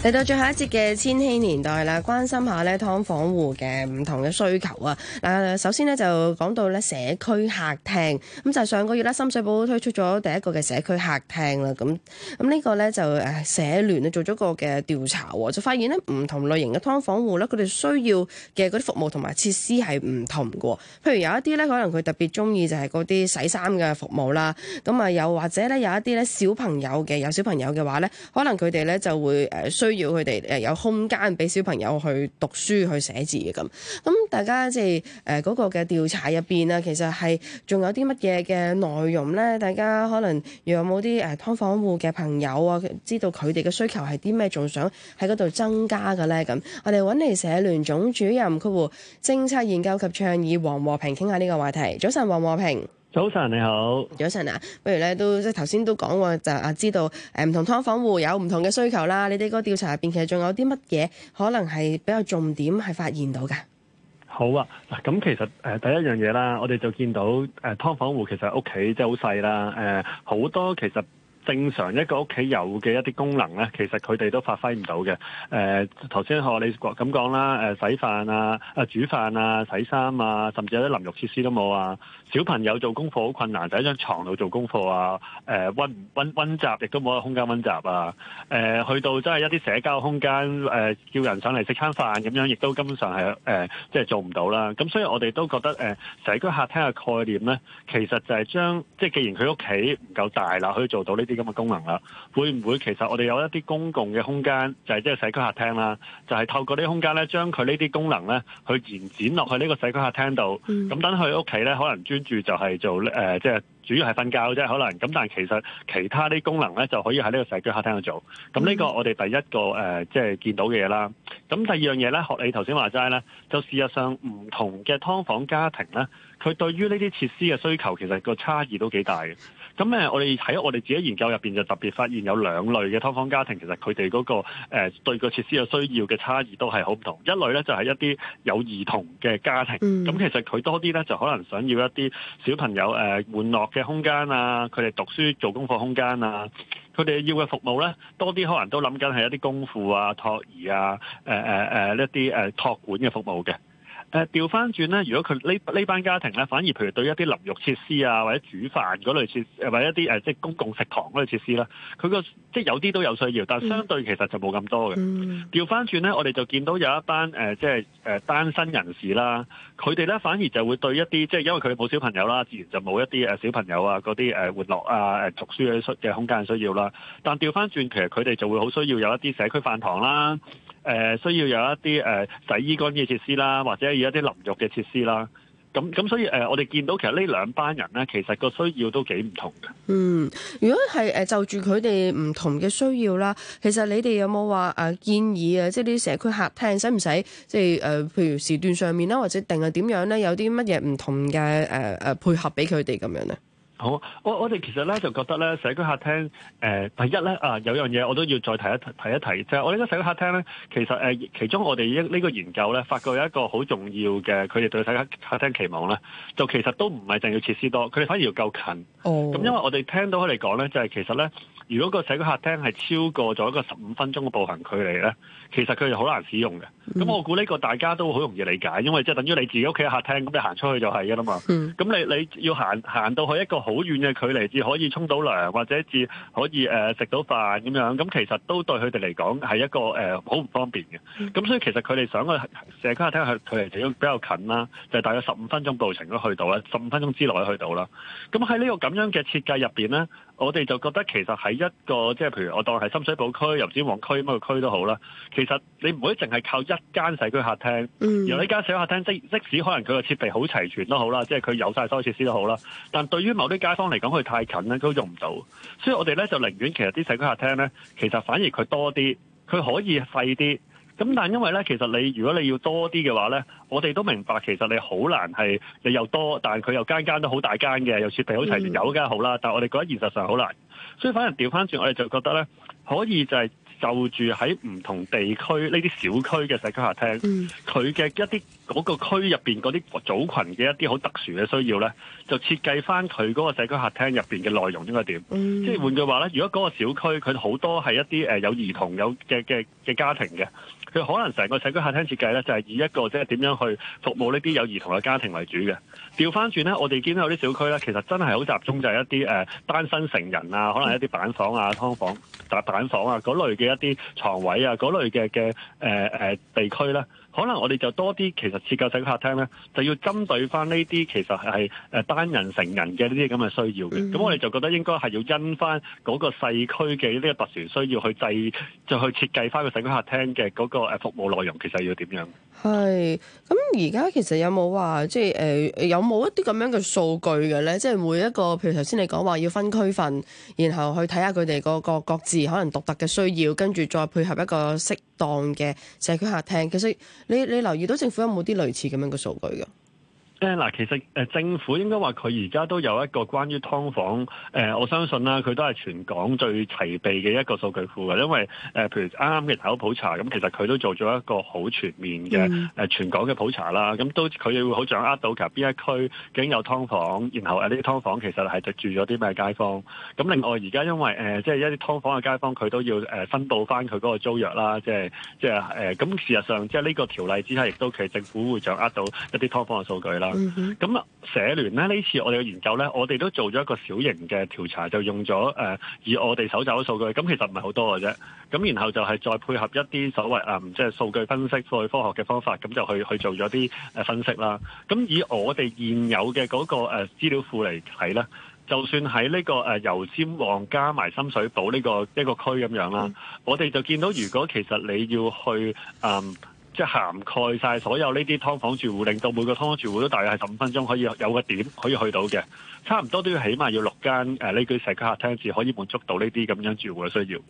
嚟到最後一節嘅千禧年代啦，關心下咧劏房戶嘅唔同嘅需求啊！嗱，首先咧就講到咧社區客廳，咁就係上個月咧深水埗推出咗第一個嘅社區客廳啦。咁咁呢個咧就誒社聯咧做咗個嘅調查，就發現咧唔同類型嘅劏房戶咧，佢哋需要嘅嗰啲服務同埋設施係唔同喎。譬如有一啲咧可能佢特別中意就係嗰啲洗衫嘅服務啦，咁啊又或者咧有一啲咧小朋友嘅，有小朋友嘅話咧，可能佢哋咧就會誒需。需要佢哋誒有空間俾小朋友去讀書去寫字嘅咁，咁，大家即係誒嗰個嘅調查入邊，其實係仲有啲乜嘢嘅內容咧？大家可能如有冇啲誒劏房戶嘅朋友啊，知道佢哋嘅需求係啲咩，仲想喺嗰度增加嘅咧？咁我哋搵嚟社聯總主任佢政策研究及倡議黃和平傾下呢個話題。早晨，黃和平。早晨，你好。早晨啊，不如咧都即係頭先都講過，就啊知道誒唔同劏房戶有唔同嘅需求啦。你哋個調查入邊，其實仲有啲乜嘢可能係比較重點係發現到㗎？好啊，嗱，咁其實誒、呃、第一樣嘢啦，我哋就見到誒劏、呃、房戶其實屋企即係好細啦，誒、呃、好多其實。正常一個屋企有嘅一啲功能咧，其實佢哋都發揮唔到嘅。誒頭先何你國咁講啦，誒、呃、洗飯啊、啊、呃、煮飯啊、洗衫啊，甚至有啲淋浴設施都冇啊。小朋友做功課好困難，就喺張牀度做功課啊。誒、呃、温温温習，亦都冇個空間温習啊。誒、呃、去到真係一啲社交空間，誒、呃、叫人上嚟食餐飯咁樣，亦都根本上係誒即係做唔到啦。咁所以我哋都覺得誒社區客廳嘅概念咧，其實就係將即係既然佢屋企唔夠大啦，可以做到呢啲。咁嘅功能啦，會唔會其實我哋有一啲公共嘅空間，就係即係社區客廳啦，就係、是、透過啲空間咧，將佢呢啲功能咧，去延展落去呢個社區客廳度。咁等佢屋企咧，可能專注就係做即係、呃就是、主要係瞓覺啫，可能。咁但係其實其他啲功能咧，就可以喺呢個社區客廳度做。咁呢個我哋第一個即係、呃就是、見到嘅嘢啦。咁第二樣嘢咧，學你頭先話齋咧，就事實上唔同嘅劏房家庭咧，佢對於呢啲設施嘅需求，其實個差異都幾大嘅。咁我哋喺我哋自己研究入面就特別發現有兩類嘅劏房家庭，其實佢哋嗰個誒、呃、對個設施嘅需要嘅差異都係好唔同。一類咧就係、是、一啲有兒童嘅家庭，咁其實佢多啲咧就可能想要一啲小朋友誒、呃、玩樂嘅空間啊，佢哋讀書做功課空間啊，佢哋要嘅服務咧多啲可能都諗緊係一啲功課啊、託兒啊、誒誒誒一啲誒託管嘅服務嘅。誒調翻轉咧，如果佢呢呢班家庭咧、啊，反而譬如對一啲淋浴設施啊，或者煮飯嗰類設施，或者一啲、呃、即公共食堂嗰類設施啦、啊，佢個即係有啲都有需要，但相對其實就冇咁多嘅。調翻轉咧，我哋就見到有一班、呃、即係誒、呃、單身人士啦，佢哋咧反而就會對一啲即係因為佢哋冇小朋友啦，自然就冇一啲小朋友啊嗰啲玩樂啊誒讀書嘅嘅空間需要啦。但調翻轉其實佢哋就會好需要有一啲社區飯堂啦。誒、呃、需要有一啲誒、呃、洗衣乾嘅設施啦，或者有一啲淋浴嘅設施啦。咁咁所以誒、呃，我哋見到其實呢兩班人咧，其實個需要都幾唔同嘅。嗯，如果係誒就住佢哋唔同嘅需要啦，其實你哋有冇話誒建議啊？即係啲社區客廳使唔使即係誒？譬、呃、如時段上面啦，或者定係點樣咧？有啲乜嘢唔同嘅誒誒配合俾佢哋咁樣咧？好，我我哋其實咧就覺得咧社區客廳，誒、呃、第一咧啊有樣嘢我都要再提一提一提，即、就、係、是、我呢個社區客廳咧，其實誒、呃、其中我哋呢個研究咧，發覺有一個好重要嘅，佢哋對社區客廳期望咧，就其實都唔係淨要設施多，佢哋反而要夠近。咁、哦嗯嗯、因為我哋聽到佢哋講咧，就係、是、其實咧，如果個社區客廳係超過咗一個十五分鐘嘅步行距離咧，其實佢哋好難使用嘅。咁、嗯、我估呢個大家都好容易理解，因為即係等於你自己屋企嘅客廳咁，你行出去就係噶啦嘛。咁、嗯、你你要行行到去一個好遠嘅距離至可以沖到涼，或者至可以誒、呃、食到飯咁樣，咁其實都對佢哋嚟講係一個誒好唔方便嘅。咁所以其實佢哋想去社區客廳距離比較近啦，就係、是、大概十五分鐘步程都去到啦，十五分鐘之內去到啦。咁喺呢個咁樣嘅設計入面呢，我哋就覺得其實喺一個即係譬如我當係深水埗區、油尖旺區乜個區都好啦，其實你唔會淨係靠一間社區客廳，而呢間社區客廳即即使可能佢嘅設備好齊全都好啦，即係佢有晒所有設施都好啦，但對於某啲街坊嚟講，佢太近咧，都用唔到，所以我哋咧就寧願其實啲社區客廳咧，其實反而佢多啲，佢可以細啲。咁但係因為咧，其實你如果你要多啲嘅話咧，我哋都明白其實你好難係你又多，但係佢又間間都好大間嘅，又設備好齊全，有間好啦。但係我哋覺得現實上好難，所以反而調翻轉，我哋就覺得咧可以就係、是。就住喺唔同地區呢啲小區嘅社區客廳，佢嘅、嗯、一啲嗰、嗰個區入面嗰啲組群嘅一啲好特殊嘅需要呢，就設計翻佢嗰個社區客廳入面嘅內容應該點？即係、嗯、換句話呢，如果嗰個小區佢好多係一啲、呃、有兒童有嘅嘅嘅家庭嘅。佢可能成個社區客廳設計咧，就係、是、以一個即係點樣去服務呢啲有兒童嘅家庭為主嘅。調翻轉咧，我哋見到有啲小區咧，其實真係好集中就係一啲誒、呃、單身成人啊，可能一啲板房啊、劏房、打板房啊嗰類嘅一啲床位啊嗰類嘅嘅、呃呃、地區咧。可能我哋就多啲，其實設計社區客廳咧，就要針對翻呢啲其實係，誒單人成人嘅呢啲咁嘅需要嘅。咁、嗯、我哋就覺得應該係要因翻嗰個社區嘅呢個特殊需要去制就去設計翻個社區客廳嘅嗰個服務內容，其實要點樣，係咁而家其實有冇話，即係誒、呃、有冇一啲咁樣嘅數據嘅咧？即係每一個譬如頭先你講話要分區份，然後去睇下佢哋嗰個各自可能獨特嘅需要，跟住再配合一個適當嘅社區客廳其實。你你留意到政府有冇啲類似咁樣嘅數據㗎？嗱，其實誒政府應該話佢而家都有一個關於劏房誒、呃，我相信啦，佢都係全港最齊備嘅一個數據庫嘅，因為誒、呃、譬如啱啱嘅人口普查，咁、嗯、其實佢都做咗一個好全面嘅誒、呃、全港嘅普查啦，咁都佢會好掌握到其實邊一區已經有劏房，然後誒呢啲劏房其實係住咗啲咩街坊。咁、嗯、另外而家因為誒即係一啲劏房嘅街坊，佢都要誒申報翻佢嗰個租約啦，即係即係誒咁事實上即係呢個條例之下，亦都其實政府會掌握到一啲劏房嘅數據啦。咁啊，mm hmm. 社聯咧呢次我哋嘅研究咧，我哋都做咗一個小型嘅調查，就用咗誒、呃、以我哋蒐集嘅數據，咁其實唔係好多嘅啫。咁然後就係再配合一啲所謂誒、嗯、即係數據分析、數據科學嘅方法，咁就去去做咗啲分析啦。咁以我哋現有嘅嗰個誒資料庫嚟睇咧，就算喺呢個誒油尖旺加埋深水埗呢個一個區咁樣啦，mm hmm. 我哋就見到如果其實你要去誒。嗯即係涵蓋曬所有呢啲劏房住戶，令到每個劏房住戶都大約係十五分鐘可以有個點可以去到嘅，差唔多都要起碼要六間呢啲社區客廳至可以滿足到呢啲咁樣住戶嘅需要嘅。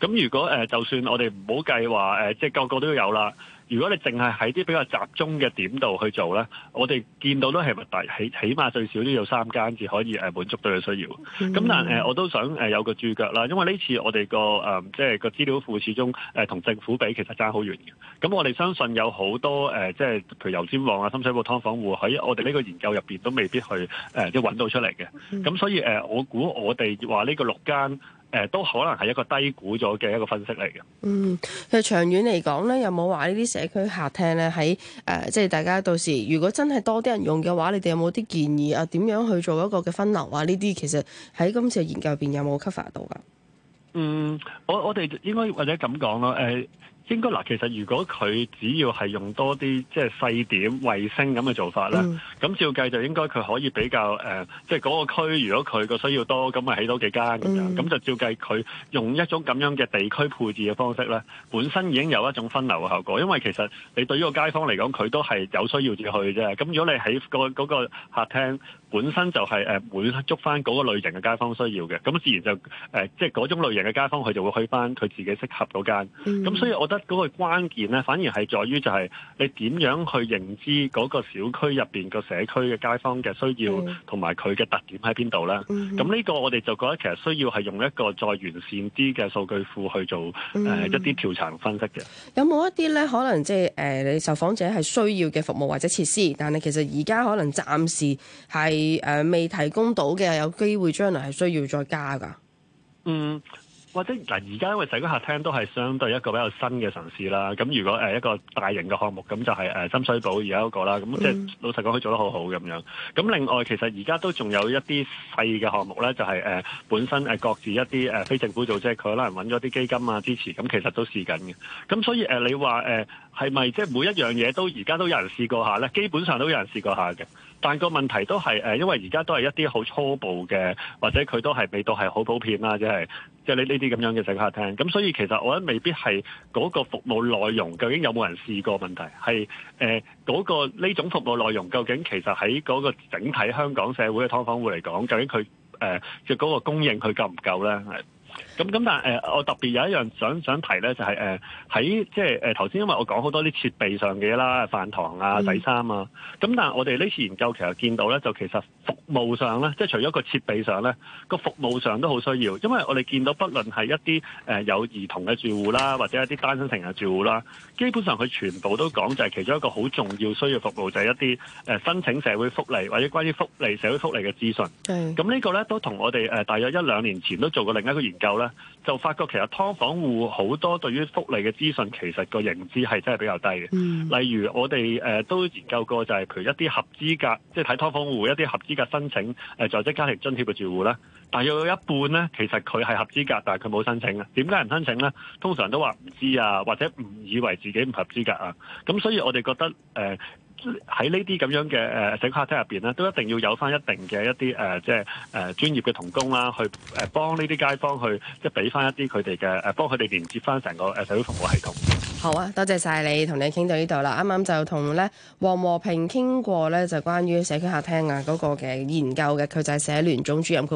咁如果、呃、就算我哋唔好計話、呃、即係個個都有啦。如果你淨係喺啲比較集中嘅點度去做咧，我哋見到都係問大起起碼最少都要三間至可以誒、呃、滿足到嘅需要。咁但誒、呃、我都想、呃、有個注腳啦，因為呢次我哋個即係個資料庫始終同、呃、政府比其實爭好遠嘅。咁我哋相信有好多即係、呃、譬如油尖旺啊、深水埗劏房戶喺我哋呢個研究入面都未必去誒即係搵到出嚟嘅。咁所以誒、呃、我估我哋話呢個六間。誒都可能係一個低估咗嘅一個分析嚟嘅。嗯，其實長遠嚟講咧，有冇話呢啲社區客廳咧喺誒，即係大家到時如果真係多啲人用嘅話，你哋有冇啲建議啊？點樣去做一個嘅分流啊？呢啲其實喺今次研究入邊有冇 cover 到噶？嗯，我我哋應該或者噉講咯。誒、呃。應該嗱，其實如果佢只要係用多啲即係細點、衛星咁嘅做法呢，咁、嗯、照計就應該佢可以比較誒，即係嗰個區如果佢個需要多，咁咪起多幾間咁樣，咁、嗯、就照計佢用一種咁樣嘅地區配置嘅方式咧，本身已經有一種分流嘅效果。因為其實你對呢個街坊嚟講，佢都係有需要住去啫。咁如果你喺嗰個客廳本身就係誒滿足翻嗰個類型嘅街坊需要嘅，咁自然就誒即係嗰種類型嘅街坊，佢就會去翻佢自己適合嗰間。咁、嗯、所以我嗰個關鍵咧，反而係在於就係你點樣去認知嗰個小區入邊個社區嘅街坊嘅需要，同埋佢嘅特點喺邊度咧？咁呢、mm hmm. 個我哋就覺得其實需要係用一個再完善啲嘅數據庫去做誒、呃、一啲調查分析嘅、嗯。有冇一啲咧？可能即係誒，你受訪者係需要嘅服務或者設施，但係其實而家可能暫時係誒、呃、未提供到嘅，有機會將來係需要再加噶。嗯。或者嗱，而家因為整個客廳都係相對一個比較新嘅嘗試啦。咁如果誒、呃、一個大型嘅項目，咁就係、是、誒、呃、深水埗而家嗰個啦。咁即係老實講，佢做得好好咁樣。咁另外其實而家都仲有一啲細嘅項目咧，就係、是、誒、呃、本身誒各自一啲誒、呃、非政府組織，佢可能揾咗啲基金啊支持。咁其實都試緊嘅。咁所以、呃、你話誒係咪即係每一樣嘢都而家都有人試過下咧？基本上都有人試過下嘅。但個問題都係誒、呃，因為而家都係一啲好初步嘅，或者佢都係未到係好普遍啦，即係。即係呢啲咁樣嘅社區客廳，咁所以其實我覺得未必係嗰個服務內容究竟有冇人試過問題，係誒嗰個呢種服務內容究竟其實喺嗰個整體香港社會嘅劏房戶嚟講，究竟佢誒嘅嗰個供應佢夠唔夠呢？咁咁但係、呃、我特別有一樣想想提咧，就係誒喺即係誒頭先，呃、因為我講好多啲設備上嘅嘢啦，飯堂啊、嗯、洗衫啊。咁但係我哋呢次研究其實見到咧，就其實服務上咧，即係除咗個設備上咧，個服務上都好需要，因為我哋見到，不論係一啲誒、呃、有兒童嘅住戶啦，或者一啲單身成人住戶啦，基本上佢全部都講就係其中一個好重要需要服務，就係、是、一啲誒、呃、申請社會福利或者關於福利社會福利嘅資訊。咁是呢個咧都同我哋誒、呃、大約一兩年前都做過另一個研究。有咧，嗯、就發覺其實劏房戶好多對於福利嘅資訊，其實個認知係真係比較低嘅。例如我哋誒、呃、都研究過，就係譬如一啲合資格，即係睇劏房戶一啲合資格申請誒在職家庭津貼嘅住戶咧，但係有一半咧，其實佢係合資格，但係佢冇申請啊。點解唔申請呢？通常都話唔知啊，或者唔以為自己唔合資格啊。咁所以我哋覺得誒，呃喺呢啲咁樣嘅誒社區客廳入邊咧，都一定要有翻一定嘅一啲誒、呃，即係誒、呃、專業嘅同工啦，去誒幫呢啲街坊去即係俾翻一啲佢哋嘅誒，幫佢哋連接翻成個誒社會服務系統。好啊，多謝晒你，和你，同你傾到呢度啦。啱啱就同咧黃和平傾過咧，就關於社區客廳啊嗰、那個嘅研究嘅，佢就係社聯總主任佢。